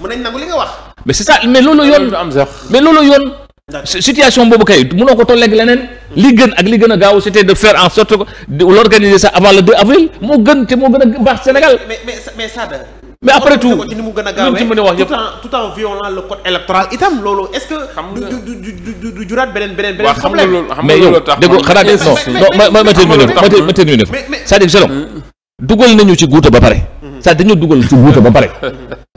mën nañ nangu li nga wax. mais c'est ça mais loolu yoon am sax mais loolu yoon. situation boobu kay mënoo ko tolleeg leneen. li gën ak li gën a gaaw c'était de faire en sorte que l'organiser ça avant le 2 avril moo gën te moo gën a baax Sénégal. mais mais mais Sada. mais après tout ci a tout en tout en violant le code électoral itam loolu est-ce que. mais yow dégg nga xanaa non ma ma ma terminer ma terminer c'est-à-dire dugal nañu ci guuta ba pare. c'est-à-dire ci guuta ba pare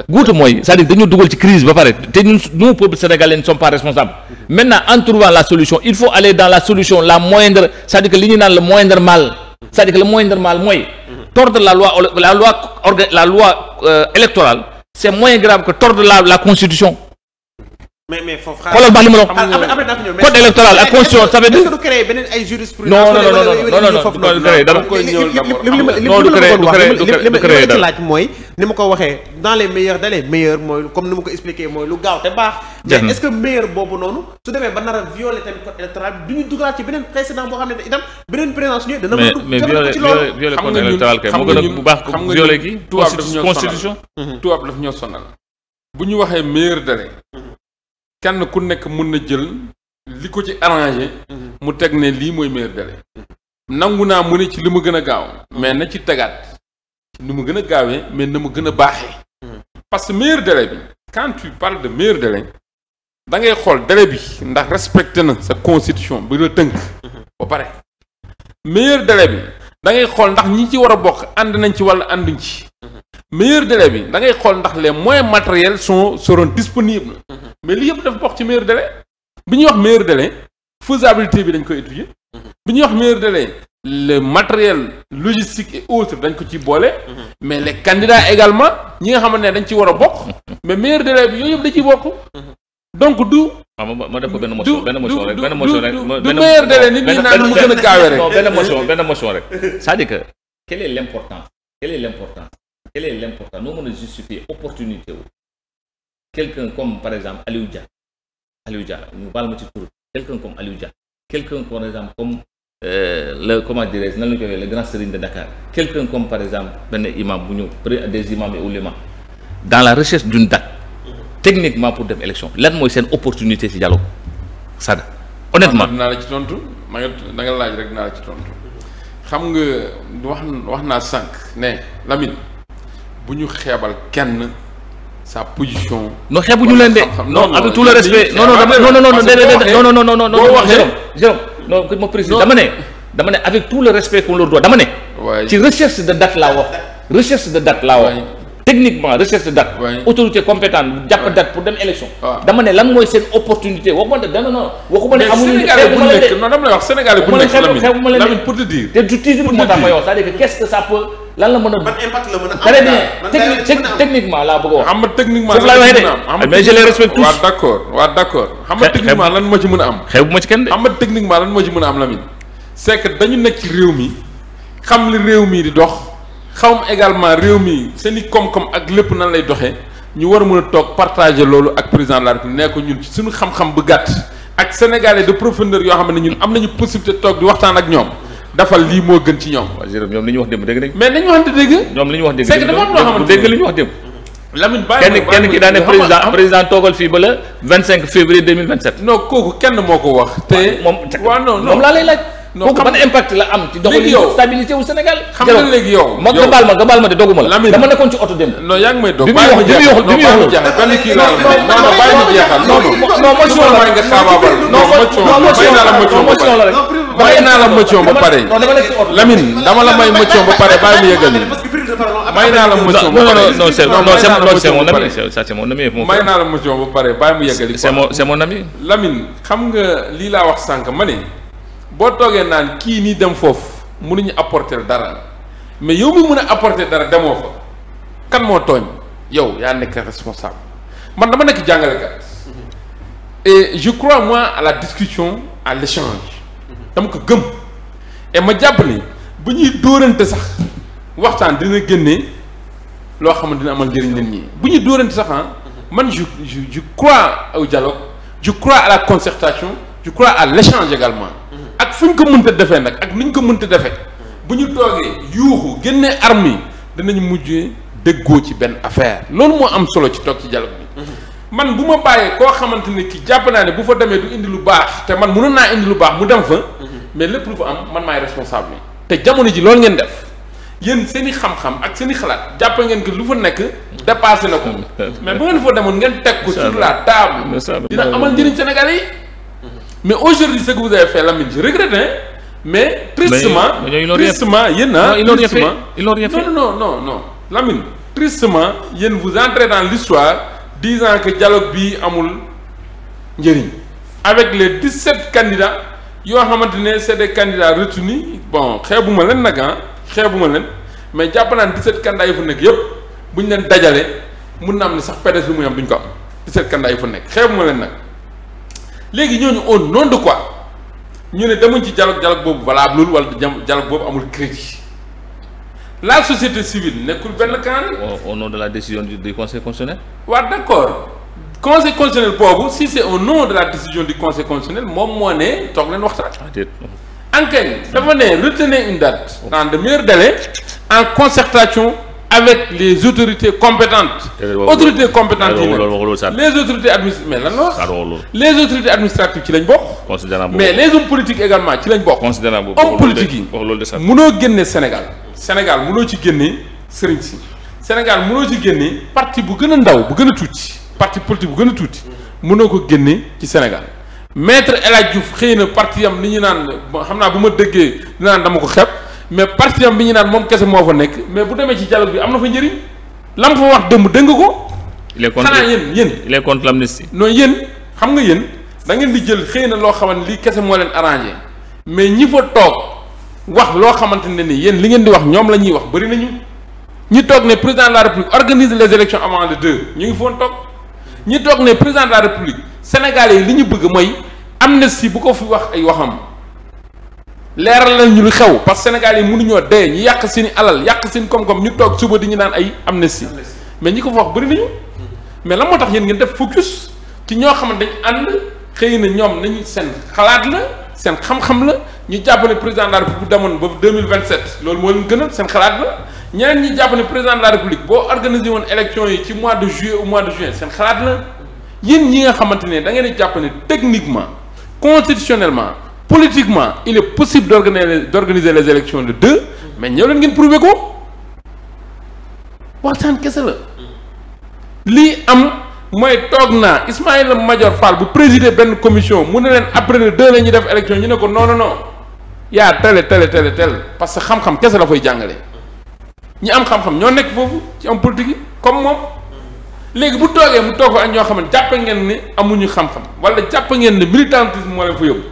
guuta mooy c'est-à-dire ci crise ba pare te nous peuple sénégalais ne sommes pas responsables maintenant en trouvant la solution il faut aller dans la solution la moindre cest dire que li ñu naan le moindre mal cest dire que le moindre mal mooy tordre la loi euh, électorale c'est moins grave que tordre la constitution mais mais foofu xoolal baax li ma la code électoral ak constitution ça veut dire non non non non non non du créé dara non laaj mooy ni ma ko waxee dans les meilleurs dans les mooy comme ni ma ko expliqué mooy lu gaaw te baax mais est-ce boobu noonu su demee ba nar a violer code électoral bi duñu dugalaat ci beneen précédent boo xam ne itam beneen présidence ñu dana mën mais mais violer code électoral kay bu baax violer kii kenn ku nekk mun na jël li ko ci arrangé mhm. mu teg ne lii mooy meilleur délai nangu naa mu ne ci li mu gën a gaaw mhm. mais na ci tegaat ni mu gën a gaawee mais na mu gën a baaxee mhm. parce que meilleur délai bi quand tu de meilleur délai da ngay xool délai bi ndax respecté na sa constitution bi la tënk ba pare meilleur délai bi da ngay xool ndax ñi ci war a bokk ànd nañ ci walla ànduñ ci meilleur délai bi da ngay xool ndax les moyens matériels sont seront disponibles. Mhm. mais li yëpp dafa bokk ci meilleur délai. bi ñuy wax meilleur délai faisabilité bi dañ koy étudier. Mhm. bi ñuy wax meilleur délai le matériel logistique et autres dañ ko ci boole. Mhm. mais les candidats également ñi nga xamante ne dañ ci war a bokk. mais meilleur délai bi yooyu yëpp da ciy bokk. donc du. waaw ah, ma ma def ko benn motion benn motion rek benn motion rek. du nit ñi naan mu gën a gaawee quel est l'important noo mën a justifier opportunité quelqu'un comme par exemple Aliou Dia Aliou Dia ñu baal ma ci tur quelqu'un comme Aliou Dia quelqu'un par exemple comme euh, le comment dirais-je nan la ñu koy le grand serigne de Dakar quelqu'un comme par exemple benn imam bu ñëw des imams et oulémas dans la recherche d'une date techniquement pour dem élection lan mooy seen opportunité ci dialogue Sada honnêtement dinaa la ci ma da laaj rek dinaa la ci nga wax wax naa sànq ne bu ñu xeebal kenn sa position. non xeebuñu leen de. non avec tout le respect non non non non non non non non non non non Jérôme Jérôme non ma précise dama ne dama ne avec tout le respect qu'on leur doit dama ne. ci recherche de date laa wax recherche de date laa wax. techniquement recherche de date. autorité compétente jàpp date pour dem élection. Ah. dama ne lan mooy seen opportunité waxuma ne dana non. waxuma ne amuñu xeebu ma leen de mais Sénégal bu nekk non dama lay wax Sénégal bu nekk Lamine Lamine pour te dire. te du toujours moo tax ma yow c'est-à-dire que qu'est-ce que ça peut. lan la mën a. ban impact la mën a am très bien techniquement laa bëgg a wax. xam nga techniquement lan la a am mais je les respecte tous. waaw d' accord waaw ci mën a am. xew bu ma ci kenn de. xam nga techniquement lan moo ci mën a am Lamine. c' est dañu nekk ci réew mi xam li réew mii di dox xam également réew mi seen i koom ak lépp nan lay doxee ñu war a mën a toog partager loolu ak président de la République ne ko ñun ci suñu xam-xam bu gàtt ak sénégalais de profondeur yoo xam ne ñun am nañu possibilité toog di waxtaan ak ñoom dafal lii moo gën ci ñoom. waaw Jérôme ñoom li ñu wax démb mais nañu wax démb. kenn kenn ki daan président toogal fii ba le 25 février 2027. non kooku kenn moo ko wax. te moom waaw non non moom laa lay laaj. impact la am. ci doxalin stabilité wu Sénégal. nga baal ma nga baal ma de doguma la. dama nekkoon ci oto démb. bi muy wax bi muy wax bi muy wax loolu. benn kii laa la non non non may naa la motion ba pare Lamine dama la may motion ba pare bàyyi mu yëgal may naa la motion ba pare non c'est mon ami ça c'est mon ami may naa la motion ba pare bàyyi mu yëgal c'est mon c'est mon ami Lamine xam nga lii laa wax sànq ma ne boo toogee naan kii nii dem foofu mënuñu apporter dara mais yow mi mën a apporter dara demoo fa kan moo tooñ yow yaa nekk responsable man dama nekk jàngalekat et je crois moi à la discussion à l'échange dama ko gëm et ma jàpp ni bu ñuy dóorante sax waxtaan dina génne loo xamante ne dina amal njëriñ nit ñi bu ñuy dóorante sax ah man ju ju je crois au dialogue je crois à la consertation je crois à l'échange également mm-hmm. ak fu ñu ko mënta defee nag ak nu ñu ko mënta defee mm-hmm. bu ñu toogee yuuxu génne armes yi danañ mujjee déggoo ci benn affaire loolu moo am solo ci toog ci dialogue bi mm-hmm. man bu ma bàyyee koo xamante ni ki jàpp naa ne bu fa demee du indi lu baax te man mënoon naa indi lu baax mu dem fa mais lépp lu fa am man maay responsable yi te jamono ji loolu ngeen def yéen seen i xam-xam ak seen xalaat jàpp ngeen que lu fa nekk dépassé na ko mais bu ngeen fa demoon ngeen teg ko sur la table dina amal njëriñ Sénégalais yi mais aujourd'hui ce que vous avez fait Lamine je regrette na mais tristement tristement yéen ah tristement non non non non Lamine tristement yéen vous entrez dans l'histoire disant que dialogue bi amul njëriñ avec les 17 candidats yoo xamante ne c'est des candidats retenus bon ma leen nag ah, bu ma leen mais jàpp naa ne 17 candidats yu nekk yëpp bu ñu leen dajalee mun na am ne sax PDS lu muy am duñ ko am 17 candidats yu fa nekk xeebuma leen nag léegi ñooñu au nom de quoi ñu ne demuñ ci dialogue dialogue boobu valable wala dialogue boobu amul crédit la société civile nekkul benn camp. au nom de la décision du conseil constitutionnel. waaw d'accord. conseil constitutionnel boobu si c'est au nom de la décision du conseil constitutionnel moom moo ne toog leen waxtaan. Ah, enquête dafa ne retenez une date dans de meilleurs délais en concertation avec les autorités compétentes. Eh, autorités compétentes yi les autorités administratives mais lan la les autorités administratives ci lañ bokk. mais les hommes politiques également ci lañ bokk. considérant boobu hommes politiques yi mënoo génne Sénégal. Sénégal mënoo ci génne sëriñ si Sénégal mënoo ci génne partie bu gën a ndaw bu gën a tuuti. parti politique bu gën a tuuti mënoo ko génne ci Sénégal maître El Hadj Diouf xëy na parti am li ñu naan xam naa bu ma déggee dinaa naan dama ko xeeb mais parti am bi ñu naan moom kese moo fa nekk mais bu demee ci dialogue bi am na fa njëriñ la mu fa wax dëmb dégg nga ko. il est contre xanaa yéen yéen. il est contre l'amnistie. non yéen xam nga yéen da ngeen di jël xëy na loo xamante lii kese moo leen arrangé mais ñi fa toog wax loo xamante ne ni yéen li ngeen di wax ñoom la ñuy wax bëri nañu ñi toog ne président de la république organise les le deux ñu ngi ñi toog ne président de la république sénégalais yi li ñu bëgg mooy amnistie bu ko fi wax ay waxam leeral na ñu lu xew parce que sénégalais yi mënuñoo dee ñu yàq seen i alal yàq seen koom-koom ñu toog suba di ñu naan ay amnistie mais ñi ko fa wax bëri nañu mais lan moo tax yéen ngeen def focus ci ñoo xamante dañ ànd xëy na ñoom nañu seen xalaat la seen xam-xam la ñu jàpp ne président de la république bu demoon ba 2027 loolu moo leen gënal seen xalaat la ñeneen ñi jàpp ne président de la république boo organisé woon élection yi ci mois de juillet au mois de juin seen xalaat la yéen ñi nga xamante ne da ngeen jàpp ne techniquement constitutionnellement politiquement il est possible d'organiser d'organiser les élections le 2 mais ñëw leen ngeen prouver ko waxtaan kese la lii am mooy toog naa Ismaïla Madior Fall bu présider benn commission mu ne leen après le 2 la def élection ñu ne ko non non non yaa tele tele parce que xam kese la fay jàngale ñi am xam-xam ñoo nekk foofu ci am politique yi comme moom léegi bu toogee mu toog fa ak ñoo xam ne jàpp ngeen ni amuñu xam-xam wala jàpp ngeen ni militantisme moo leen fa yóbbu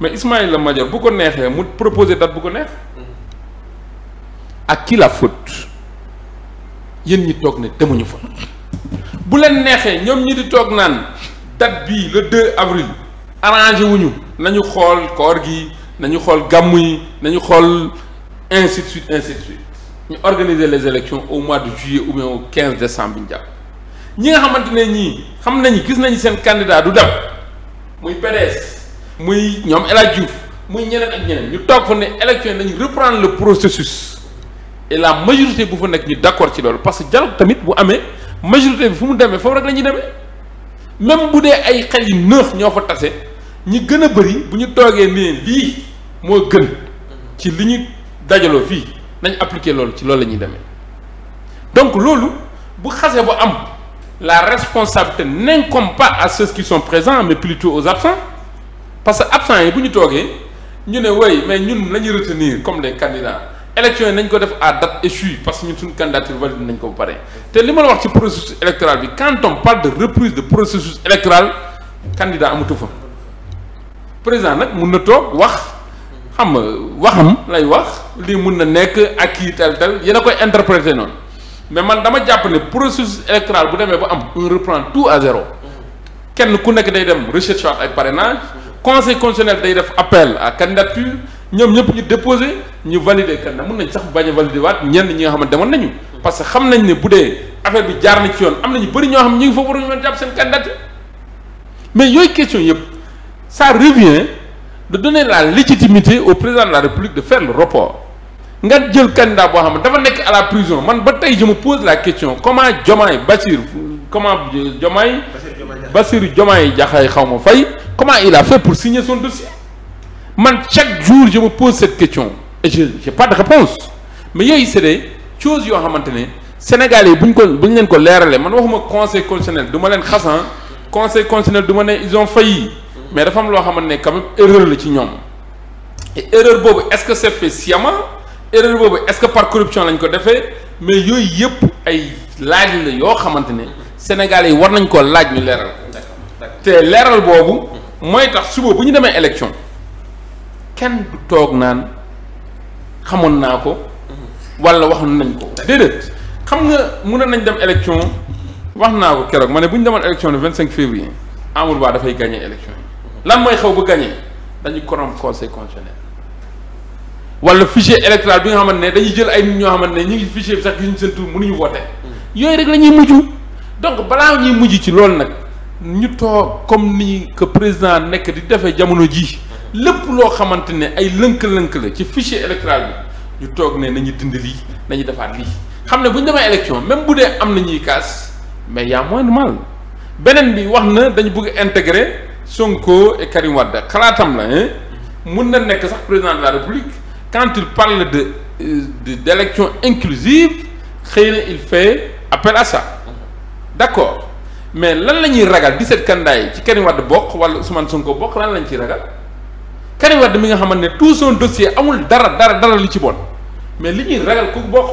mais la Madior bu ko neexee mu proposé date bu ko neex ak ki la faute yéen ñi toog ne demuñu fa bu leen neexee ñoom ñi di toog naan date bi le 2 avril arrangé wuñu nañu xool koor gi nañu xool gàmmu yi nañu xool ainsi de ñu organiser les élections au mois de juillet ou quinze au 15 décembre bi ñu ñi nga xamante ne ñii xam nañu gis nañu seen candidat du dem muy PDS muy ñoom El Hadj muy ñeneen ak ñeneen ñu toog fa ne élection yi dañu reprendre le processus et la majorité bu fa nekk ñu d'accord ci loolu parce que dialogue tamit bu amee majorité bi fu mu demee foofu rek la ñuy demee même bu dee ay xel yu neuf ñoo fa tase ñi gën a bëri bu ñu toogee ne lii moo gën ci li ñu dajaloo fii. nañu appliquer loolu ci loolu la ñuy demee donc loolu bu xasee ba am la responsabilité n'incombe par à ceux qui sont présents mais plutôt aux absents parce que absents yi bu ñu toogee ñu ne woy mais ñun la ñuy retenir comme des candidats élections yi nañ ko def à date échue parce que ñu suñu candidature valide nañ ko ba pare te li ma la wax ci processus électoral bi quand on parle de reprise de processus électoral candidat amatu fa président nag mun na toog wax. xam nga waxam hmm? lay wax lii mun na nekk ak kii tel tel yéen a koy interprété noonu mais man dama jàpp ne processus électoral bu demee ba am on reprend tout à zéro kenn ku nekk day dem recherche ay parrainage conseil constitutionnel day def appel à candidature ñoom ñëpp ñu déposé ñu validé candidat mun nañ sax bañ a validé waat ñenn ñi nga xam ne demoon nañu. parce que xam nañ ne bu dee affaire bi jaar na ci yoon am na ñu bëri ñoo xam ñu ngi foofu waruñu mën jàpp seen candidat mais yooyu question yëpp ça revient. de donner la légitimité au président de la République de faire le report nga jël candidat boo xam ne dafa nekk à la prison man ba tey je me pose la question comment Diomaye Bassir comment euh, Diomaye Bassirou Diomaye Diakhar xaw ma fay comment il a fait pour signer son si man chaque jour je me pose cette question et je j'ai pas de réponse mais yooyu c'est des choses yoo xamante ne sénégal yi bu ñu ko bu leen ko leeralee man waxuma conseil constitutionnel du ma leen xasan conseil constitutionnel du ma ne ils mais dafa am loo xamante ne quand même la ci ñoom et erreur boobu est-ce que c'est fait sciemment boobu est-ce que par corruption lañ ko defee mais yooyu yëpp ay laaj la yoo xamante ne sénégal yi war nañ koo laaj ñu leeral. te leeral boobu. mooy tax suba bu ñu demee élection kenn du toog naan xamoon naa ko. wala waxoon nañ ko. déedéet xam nga mënoon nañ dem élection wax naa ko keroog ma ne bu ñu demoon élection le vingt cinq février Amadou Ba dafay gagner élection lan mooy xew bu gagné dañu corrompre conseil constitutionnel wala fichier électoral bi nga xamante ne dañuy jël ay nit ñoo xamante ne ñu ngi fichier bi sax gisuñu seen tur mënuñu voté mm. yooyu rek la ñuy mujj donc balaa ñuy mujj ci loolu nag ñu toog comme ni que président nekk di defe jamono ji lépp loo xamante ne ay lënk-lënk la ci fichier électoral bi ñu toog ne nañu dind lii nañu defaat lii xam ne bu ñu demee élection même bu dee am na ñuy kaas mais y a moins mal beneen bi wax na dañu bëgg intégrer Sonko et Karim Wade xalaatam la mun na nekk sax président de la République quand il parle de euh, de d'élection inclusive xëy na il fait appel à ça d'accord mais lan la ñuy ragal 17 candidats yi ci Karim Wade bokk wala Ousmane Sonko bokk lan lañ ci ragal Karim Wade mi nga xamante ne tout son dossier amul dara dara dara lu ci bon mais li ñuy ragal ku bokk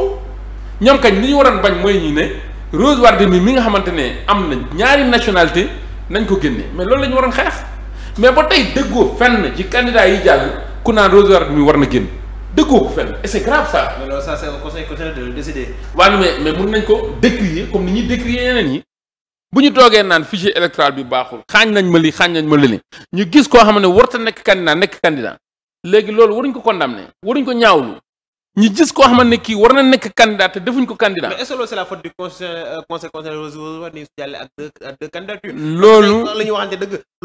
ñoom kañ li ñu waroon bañ mooy ñu ne Rose Wardini mi nga xamante ne am na ñaari nationalité nañ ko génne mais loolu lañu ñu waroon xeex mais ba tey dëggoo fenn ci candidat yi jàll ku naan Rose Wardini war na génn dëggoo ko fenn et c'est grave ça. mais loolu ça c'est au de le décider. waaw mais mun nañ ko décrier comme ni ñuy décrier yeneen yi. bu ñu toogee naan fichier électoral bi baaxul xaañ nañ ma lii xaañ nañ ma lële ñu gis koo xam ne warta nekk candidat nekk candidat léegi loolu waruñ ko ko condamné waruñ ko ñaawlu ñu gis koo xamante ne kii war na nekk candidat te defuñ ko candidat. mais est-ce que loolu c'est la faute du conseil euh, conseil loolu la ñuy waxante dëgg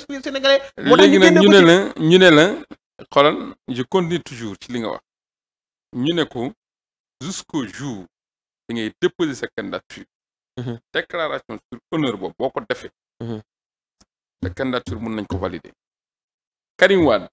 esprit sénégalais. moo tax léegi nag ñu ne la ñu ne la xoolal je continue toujours ci li nga wax ñu ne ko jusqu'au jour bi ngay déposer sa candidature. Mhm. déclaration sur honneur boobu boo ko defee. Mhm. sa candidature mun nañ ko valider. Karim Wade